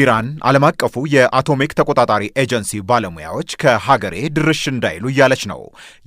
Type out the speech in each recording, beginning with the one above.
ኢራን ዓለም አቀፉ የአቶሚክ ተቆጣጣሪ ኤጀንሲ ባለሙያዎች ከሀገሬ ድርሽ እንዳይሉ እያለች ነው።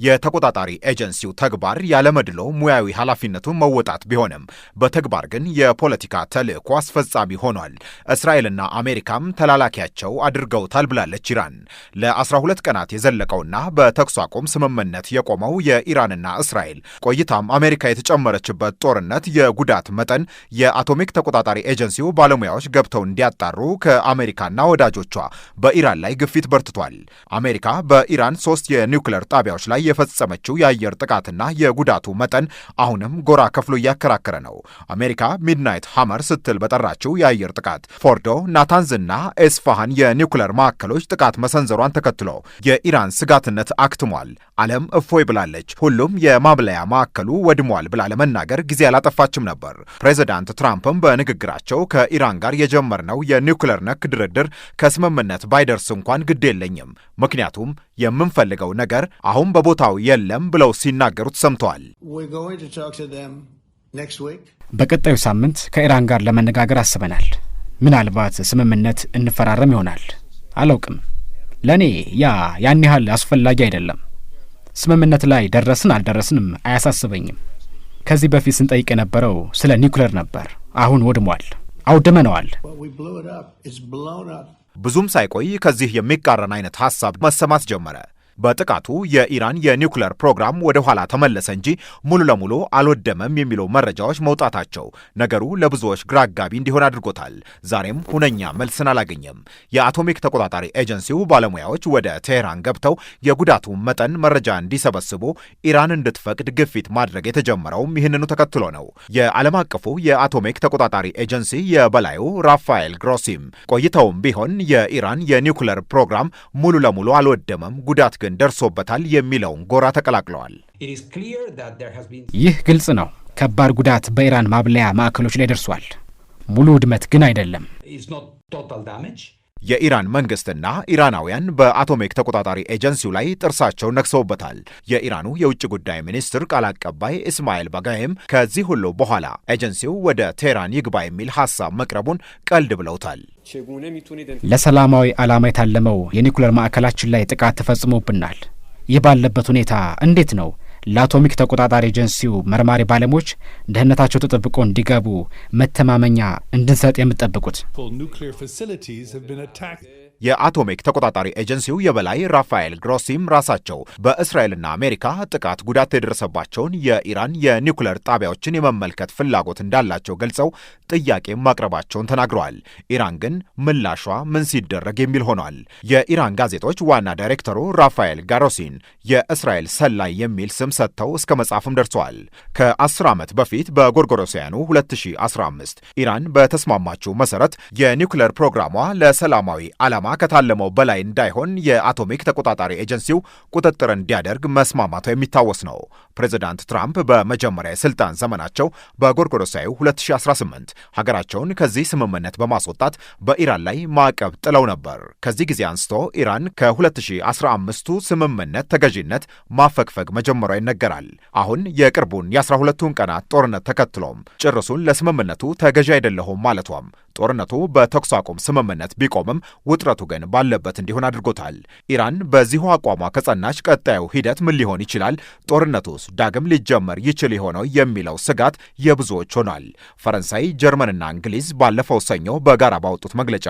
የተቆጣጣሪ ኤጀንሲው ተግባር ያለመድሎ ሙያዊ ኃላፊነቱን መወጣት ቢሆንም በተግባር ግን የፖለቲካ ተልዕኮ አስፈጻሚ ሆኗል። እስራኤልና አሜሪካም ተላላኪያቸው አድርገውታል ብላለች ኢራን። ለ12 ቀናት የዘለቀውና በተኩስ አቁም ስምምነት የቆመው የኢራንና እስራኤል ቆይታም አሜሪካ የተጨመረችበት ጦርነት የጉዳት መጠን የአቶሚክ ተቆጣጣሪ ኤጀንሲው ባለሙያዎች ገብተው እንዲያጣሩ ከአሜሪካና ወዳጆቿ በኢራን ላይ ግፊት በርትቷል። አሜሪካ በኢራን ሶስት የኒውክሌር ጣቢያዎች ላይ የፈጸመችው የአየር ጥቃትና የጉዳቱ መጠን አሁንም ጎራ ከፍሎ እያከራከረ ነው። አሜሪካ ሚድናይት ሐመር ስትል በጠራችው የአየር ጥቃት ፎርዶ፣ ናታንዝና ኤስፋሃን የኒውክሌር ማዕከሎች ጥቃት መሰንዘሯን ተከትሎ የኢራን ስጋትነት አክትሟል። ዓለም እፎይ ብላለች፣ ሁሉም የማብለያ ማዕከሉ ወድሟል ብላ ለመናገር ጊዜ አላጠፋችም ነበር። ፕሬዚዳንት ትራምፕም በንግግራቸው ከኢራን ጋር የጀመርነው የኒውክሌር ኒውክለር ነክ ድርድር ከስምምነት ባይደርስ እንኳን ግድ የለኝም፣ ምክንያቱም የምንፈልገው ነገር አሁን በቦታው የለም ብለው ሲናገሩት ሰምተዋል። በቀጣዩ ሳምንት ከኢራን ጋር ለመነጋገር አስበናል። ምናልባት ስምምነት እንፈራረም ይሆናል። አላውቅም። ለእኔ ያ ያን ያህል አስፈላጊ አይደለም። ስምምነት ላይ ደረስን አልደረስንም አያሳስበኝም። ከዚህ በፊት ስንጠይቅ የነበረው ስለ ኒውክለር ነበር። አሁን ወድሟል። አውድመነዋል። ብዙም ሳይቆይ ከዚህ የሚቃረን አይነት ሀሳብ መሰማት ጀመረ። በጥቃቱ የኢራን የኒውክሌር ፕሮግራም ወደ ኋላ ተመለሰ እንጂ ሙሉ ለሙሉ አልወደመም የሚለው መረጃዎች መውጣታቸው ነገሩ ለብዙዎች ግራ አጋቢ እንዲሆን አድርጎታል። ዛሬም ሁነኛ መልስን አላገኘም። የአቶሚክ ተቆጣጣሪ ኤጀንሲው ባለሙያዎች ወደ ቴሄራን ገብተው የጉዳቱ መጠን መረጃ እንዲሰበስቡ ኢራን እንድትፈቅድ ግፊት ማድረግ የተጀመረውም ይህንኑ ተከትሎ ነው። የዓለም አቀፉ የአቶሚክ ተቆጣጣሪ ኤጀንሲ የበላዩ ራፋኤል ግሮሲም ቆይተውም ቢሆን የኢራን የኒውክሌር ፕሮግራም ሙሉ ለሙሉ አልወደመም፣ ጉዳት ግን ደርሶበታል የሚለውን ጎራ ተቀላቅለዋል። ይህ ግልጽ ነው። ከባድ ጉዳት በኢራን ማብለያ ማዕከሎች ላይ ደርሷል። ሙሉ ውድመት ግን አይደለም። የኢራን መንግስትና ኢራናውያን በአቶሚክ ተቆጣጣሪ ኤጀንሲው ላይ ጥርሳቸውን ነክሰውበታል። የኢራኑ የውጭ ጉዳይ ሚኒስትር ቃል አቀባይ እስማኤል ባጋይም ከዚህ ሁሉ በኋላ ኤጀንሲው ወደ ቴህራን ይግባ የሚል ሀሳብ መቅረቡን ቀልድ ብለውታል። ለሰላማዊ ዓላማ የታለመው የኒኩለር ማዕከላችን ላይ ጥቃት ተፈጽሞብናል። ይህ ባለበት ሁኔታ እንዴት ነው ለአቶሚክ ተቆጣጣሪ ኤጀንሲው መርማሪ ባለሙያዎች ደህንነታቸው ተጠብቆ እንዲገቡ መተማመኛ እንድንሰጥ የምጠብቁት የአቶሚክ ተቆጣጣሪ ኤጀንሲው የበላይ ራፋኤል ግሮሲም ራሳቸው በእስራኤልና አሜሪካ ጥቃት ጉዳት የደረሰባቸውን የኢራን የኒውክለር ጣቢያዎችን የመመልከት ፍላጎት እንዳላቸው ገልጸው ጥያቄ ማቅረባቸውን ተናግረዋል። ኢራን ግን ምላሿ ምን ሲደረግ የሚል ሆኗል። የኢራን ጋዜጦች ዋና ዳይሬክተሩ ራፋኤል ጋሮሲን የእስራኤል ሰላይ የሚል ስም ሰጥተው እስከ መጻፍም ደርሰዋል ከአስር ከ10 ዓመት በፊት በጎርጎሮሲያኑ 2015 ኢራን በተስማማችው መሰረት የኒውክለር ፕሮግራሟ ለሰላማዊ ዓላማ ከታለመው በላይ እንዳይሆን የአቶሚክ ተቆጣጣሪ ኤጀንሲው ቁጥጥር እንዲያደርግ መስማማቱ የሚታወስ ነው። ፕሬዚዳንት ትራምፕ በመጀመሪያ የስልጣን ዘመናቸው በጎርጎሮሳዊ 2018 ሀገራቸውን ከዚህ ስምምነት በማስወጣት በኢራን ላይ ማዕቀብ ጥለው ነበር። ከዚህ ጊዜ አንስቶ ኢራን ከ2015ቱ ስምምነት ተገዢነት ማፈግፈግ መጀመሯ ይነገራል። አሁን የቅርቡን የ12ቱን ቀናት ጦርነት ተከትሎም ጭርሱን ለስምምነቱ ተገዢ አይደለሁም ማለቷም ጦርነቱ በተኩስ አቁም ስምምነት ቢቆምም ውጥረ ውጥረቱ ግን ባለበት እንዲሆን አድርጎታል። ኢራን በዚሁ አቋሟ ከጸናች ቀጣዩ ሂደት ምን ሊሆን ይችላል? ጦርነቱስ ዳግም ሊጀመር ይችል የሆነው የሚለው ስጋት የብዙዎች ሆኗል። ፈረንሳይ፣ ጀርመንና እንግሊዝ ባለፈው ሰኞ በጋራ ባወጡት መግለጫ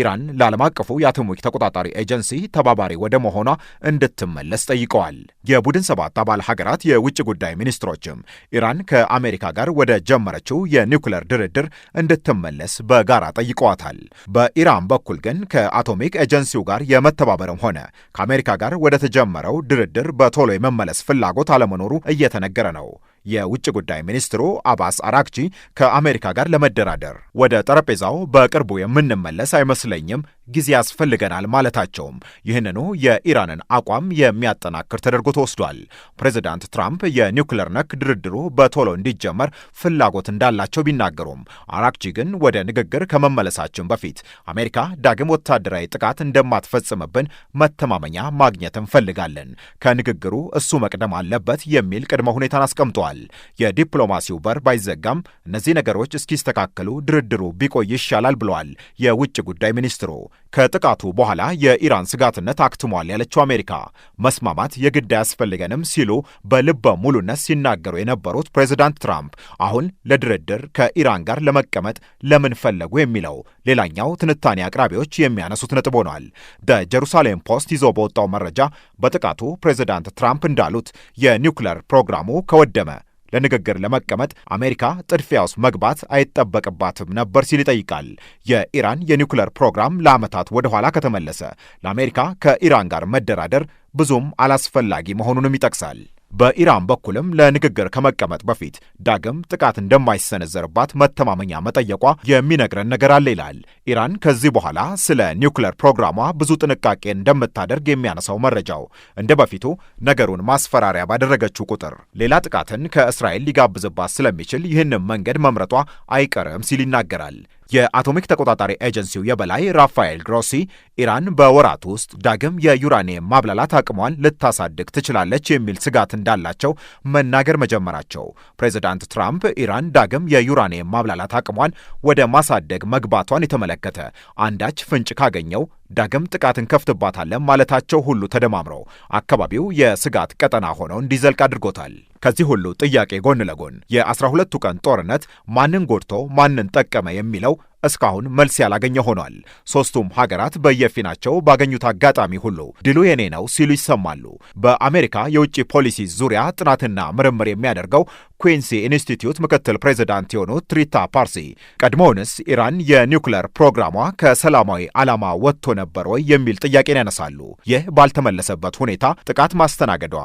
ኢራን ለዓለም አቀፉ የአቶሚክ ተቆጣጣሪ ኤጀንሲ ተባባሪ ወደ መሆኗ እንድትመለስ ጠይቀዋል። የቡድን ሰባት አባል ሀገራት የውጭ ጉዳይ ሚኒስትሮችም ኢራን ከአሜሪካ ጋር ወደ ጀመረችው የኒውክለር ድርድር እንድትመለስ በጋራ ጠይቀዋታል። በኢራን በኩል ግን ከአቶ አቶሚክ ኤጀንሲው ጋር የመተባበርም ሆነ ከአሜሪካ ጋር ወደ ተጀመረው ድርድር በቶሎ የመመለስ ፍላጎት አለመኖሩ እየተነገረ ነው። የውጭ ጉዳይ ሚኒስትሩ አባስ አራክቺ ከአሜሪካ ጋር ለመደራደር ወደ ጠረጴዛው በቅርቡ የምንመለስ አይመስለኝም፣ ጊዜ ያስፈልገናል ማለታቸውም ይህንኑ የኢራንን አቋም የሚያጠናክር ተደርጎ ተወስዷል። ፕሬዚዳንት ትራምፕ የኒውክለር ነክ ድርድሩ በቶሎ እንዲጀመር ፍላጎት እንዳላቸው ቢናገሩም አራክቺ ግን ወደ ንግግር ከመመለሳችን በፊት አሜሪካ ዳግም ወታደራዊ ጥቃት እንደማትፈጽምብን መተማመኛ ማግኘት እንፈልጋለን፣ ከንግግሩ እሱ መቅደም አለበት የሚል ቅድመ ሁኔታን አስቀምጧል። ብለዋል። የዲፕሎማሲው በር ባይዘጋም እነዚህ ነገሮች እስኪስተካከሉ ድርድሩ ቢቆይ ይሻላል ብለዋል የውጭ ጉዳይ ሚኒስትሩ። ከጥቃቱ በኋላ የኢራን ስጋትነት አክትሟል ያለችው አሜሪካ መስማማት የግድ አያስፈልገንም ሲሉ በልበ ሙሉነት ሲናገሩ የነበሩት ፕሬዚዳንት ትራምፕ አሁን ለድርድር ከኢራን ጋር ለመቀመጥ ለምን ፈለጉ የሚለው ሌላኛው ትንታኔ አቅራቢዎች የሚያነሱት ነጥብ ሆኗል። በጀሩሳሌም ፖስት ይዞ በወጣው መረጃ በጥቃቱ ፕሬዚዳንት ትራምፕ እንዳሉት የኒውክለር ፕሮግራሙ ከወደመ ለንግግር ለመቀመጥ አሜሪካ ጥድፊያ ውስጥ መግባት አይጠበቅባትም ነበር ሲል ይጠይቃል። የኢራን የኒውክለር ፕሮግራም ለዓመታት ወደ ኋላ ከተመለሰ ለአሜሪካ ከኢራን ጋር መደራደር ብዙም አላስፈላጊ መሆኑንም ይጠቅሳል። በኢራን በኩልም ለንግግር ከመቀመጥ በፊት ዳግም ጥቃት እንደማይሰነዘርባት መተማመኛ መጠየቋ የሚነግረን ነገር አለ ይላል። ኢራን ከዚህ በኋላ ስለ ኒውክለር ፕሮግራሟ ብዙ ጥንቃቄ እንደምታደርግ የሚያነሳው መረጃው እንደ በፊቱ ነገሩን ማስፈራሪያ ባደረገችው ቁጥር ሌላ ጥቃትን ከእስራኤል ሊጋብዝባት ስለሚችል ይህንም መንገድ መምረጧ አይቀርም ሲል ይናገራል። የአቶሚክ ተቆጣጣሪ ኤጀንሲው የበላይ ራፋኤል ግሮሲ ኢራን በወራት ውስጥ ዳግም የዩራኒየም ማብላላት አቅሟን ልታሳድግ ትችላለች የሚል ስጋት እንዳላቸው መናገር መጀመራቸው ፕሬዚዳንት ትራምፕ ኢራን ዳግም የዩራኒየም ማብላላት አቅሟን ወደ ማሳደግ መግባቷን የተመለከ እየተመለከተ አንዳች ፍንጭ ካገኘው ዳግም ጥቃት እንከፍትባታለን ማለታቸው ሁሉ ተደማምረው አካባቢው የስጋት ቀጠና ሆነው እንዲዘልቅ አድርጎታል። ከዚህ ሁሉ ጥያቄ ጎን ለጎን የአስራ ሁለቱ ቀን ጦርነት ማንን ጎድቶ ማንን ጠቀመ የሚለው እስካሁን መልስ ያላገኘ ሆኗል። ሦስቱም ሀገራት በየፊናቸው ባገኙት አጋጣሚ ሁሉ ድሉ የኔ ነው ሲሉ ይሰማሉ። በአሜሪካ የውጭ ፖሊሲ ዙሪያ ጥናትና ምርምር የሚያደርገው ኩዊንሲ ኢንስቲትዩት ምክትል ፕሬዚዳንት የሆኑት ትሪታ ፓርሲ ቀድሞውንስ ኢራን የኒውክለር ፕሮግራሟ ከሰላማዊ ዓላማ ወጥቶ ነበር ወይ የሚል ጥያቄን ያነሳሉ። ይህ ባልተመለሰበት ሁኔታ ጥቃት ማስተናገዷ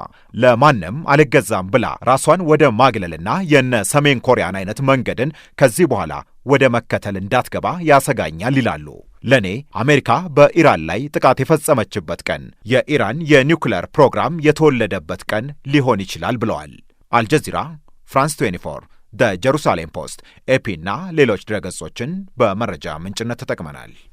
ለማንም አልገዛም ብላ ራሷን ወደ ማግለልና የነ ሰሜን ኮሪያን አይነት መንገድን ከዚህ በኋላ ወደ መከተል እንዳትገባ ያሰጋኛል ይላሉ። ለእኔ አሜሪካ በኢራን ላይ ጥቃት የፈጸመችበት ቀን የኢራን የኒውክለር ፕሮግራም የተወለደበት ቀን ሊሆን ይችላል ብለዋል። አልጀዚራ፣ ፍራንስ 24 ደ ጀሩሳሌም ፖስት፣ ኤፒ እና ሌሎች ድረገጾችን በመረጃ ምንጭነት ተጠቅመናል።